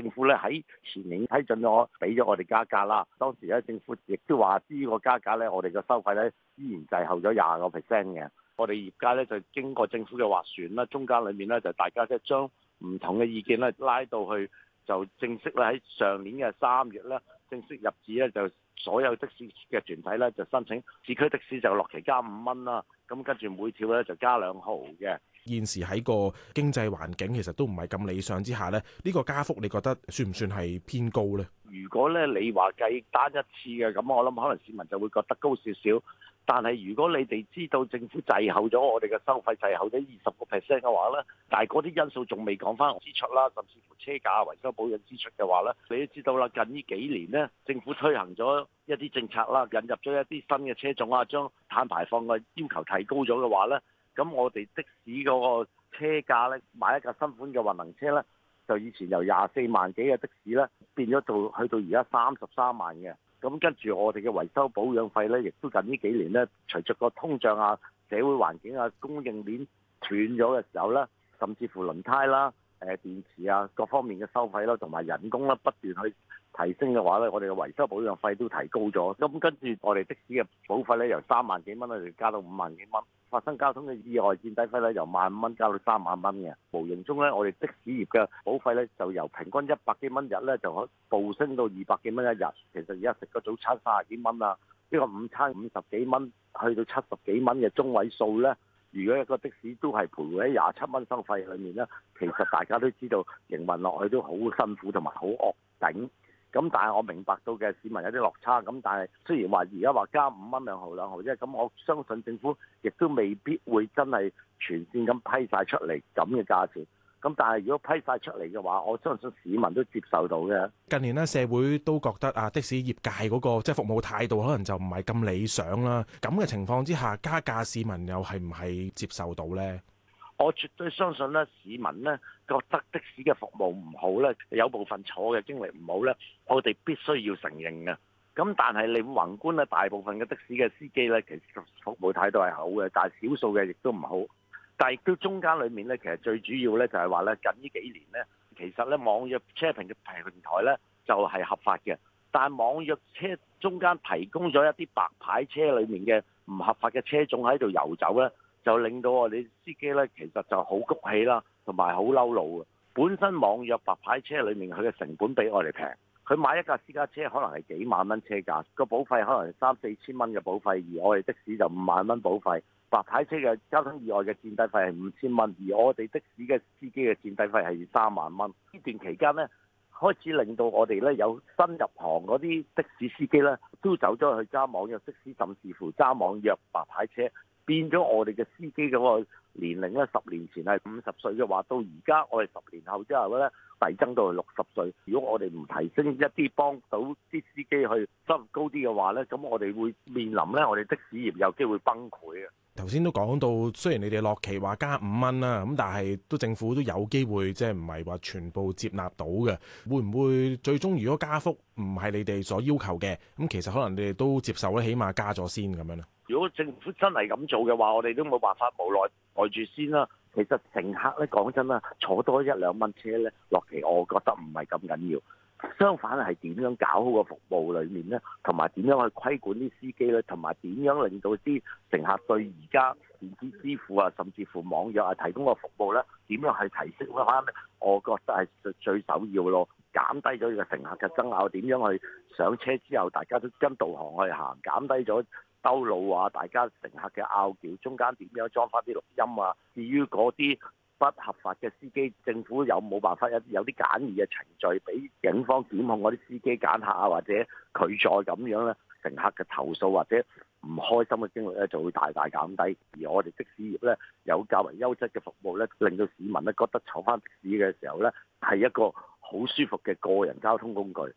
政府咧喺前年批准咗，俾咗我哋加價啦。當時咧，政府亦都話呢個加價咧，我哋嘅收費咧依然滯後咗廿個 percent 嘅。我哋業界咧就經過政府嘅斡旋啦，中間裏面咧就大家即係將唔同嘅意見咧拉到去，就正式咧喺上年嘅三月咧。正式入市咧，就所有的士嘅團體咧就申請市區的士就落旗加五蚊啦，咁跟住每跳咧就加兩毫嘅。現時喺個經濟環境其實都唔係咁理想之下咧，呢個加幅你覺得算唔算係偏高咧？如果咧你話計單一次嘅咁，我諗可能市民就會覺得高少少。但係如果你哋知道政府滯後咗我哋嘅收費滯後咗二十個 percent 嘅話咧，但係嗰啲因素仲未講翻支出啦，甚至乎車架維修保養支出嘅話咧，你都知道啦，近呢幾年咧。政府推行咗一啲政策啦，引入咗一啲新嘅車種啊，將碳排放嘅要求提高咗嘅話呢，咁我哋的士嗰個車價呢，買一架新款嘅混能車呢，就以前由廿四萬幾嘅的，的士呢變咗到去到而家三十三萬嘅。咁跟住我哋嘅維修保養費呢，亦都近呢幾年呢，隨着個通脹啊、社會環境啊、供應鏈斷咗嘅時候呢，甚至乎輪胎啦。誒電池啊，各方面嘅收費啦、啊，同埋人工啦、啊，不斷去提升嘅話咧、啊，我哋嘅維修保養費都提高咗。咁跟住我哋的士嘅保費咧，由三萬幾蚊咧，就加到五萬幾蚊。發生交通嘅意外墊底費咧，由萬五蚊加到三萬蚊嘅。無形中咧，我哋的士業嘅保費咧，就由平均一百幾蚊日咧，就可暴升到二百幾蚊一日。其實而家食個早餐三十幾蚊啊，呢、呢個午餐五十幾蚊，去到七十幾蚊嘅中位數咧。如果一個的士都係徘徊喺廿七蚊收費裏面咧，其實大家都知道營運落去都好辛苦同埋好惡頂。咁但係我明白到嘅市民有啲落差。咁但係雖然話而家話加五蚊兩毫兩毫啫，咁我相信政府亦都未必會真係全線咁批晒出嚟咁嘅價錢。咁但係如果批曬出嚟嘅話，我相信市民都接受到嘅。近年咧，社會都覺得啊的士業界嗰個即係服務態度可能就唔係咁理想啦。咁嘅情況之下，加價市民又係唔係接受到咧？我絕對相信咧，市民咧覺得的士嘅服務唔好咧，有部分坐嘅經歷唔好咧，我哋必須要承認嘅。咁但係你宏觀咧，大部分嘅的士嘅司機咧，其實服務態度係好嘅，但係少數嘅亦都唔好，但係佢中間裏面咧，其實最主要咧就係話咧，近呢幾年咧，其實咧網約車平嘅平台咧就係合法嘅，但係網約車中間提供咗一啲白牌車裏面嘅唔合法嘅車種喺度遊走咧，就令到我哋司機咧其實就好谷氣啦，同埋好嬲路嘅。本身網約白牌車裏面佢嘅成本比我哋平。佢買一架私家車可能係幾萬蚊車價，個保費可能係三四千蚊嘅保費，而我哋的士就五萬蚊保費。白牌車嘅交通意外嘅賠底費係五千蚊，而我哋的士嘅司機嘅賠底費係三萬蚊。呢段期間呢，開始令到我哋呢有新入行嗰啲的士司機呢都走咗去揸網約的士，甚至乎揸網約白牌車，變咗我哋嘅司機嗰個年齡咧，十年前係五十歲嘅話，到而家我哋十年後之後咧。遞增到六十歲，如果我哋唔提升一啲幫到啲司機去收入高啲嘅話，呢咁我哋會面臨呢，我哋的士業有機會崩潰啊！頭先都講到，雖然你哋落期話加五蚊啦，咁但係都政府都有機會，即係唔係話全部接納到嘅，會唔會最終如果加幅唔係你哋所要求嘅，咁其實可能你哋都接受咧，起碼加咗先咁樣啦。如果政府真係咁做嘅話，我哋都冇辦法無耐，無奈呆住先啦。其實乘客咧講真啦，坐多一兩蚊車咧，落期我覺得唔係咁緊要。相反係點樣搞好個服務裡面咧，同埋點樣去規管啲司機咧，同埋點樣令到啲乘客對而家電子支付啊，甚至乎網約啊提供個服務咧，點樣去提升翻咧？我覺得係最首要咯，減低咗呢個乘客嘅爭拗，點樣去上車之後大家都跟導航去行，減低咗兜路啊！大家乘客嘅拗撬，中間點樣裝翻啲錄音啊？至於嗰啲不合法嘅司機，政府有冇辦法有有啲簡易嘅程序俾警方檢控嗰啲司機揀客啊，或者拒載咁樣咧，乘客嘅投訴或者唔開心嘅經歷咧，就會大大減低。而我哋的士業咧，有較為優質嘅服務咧，令到市民咧覺得坐翻的士嘅時候咧，係一個好舒服嘅個人交通工具。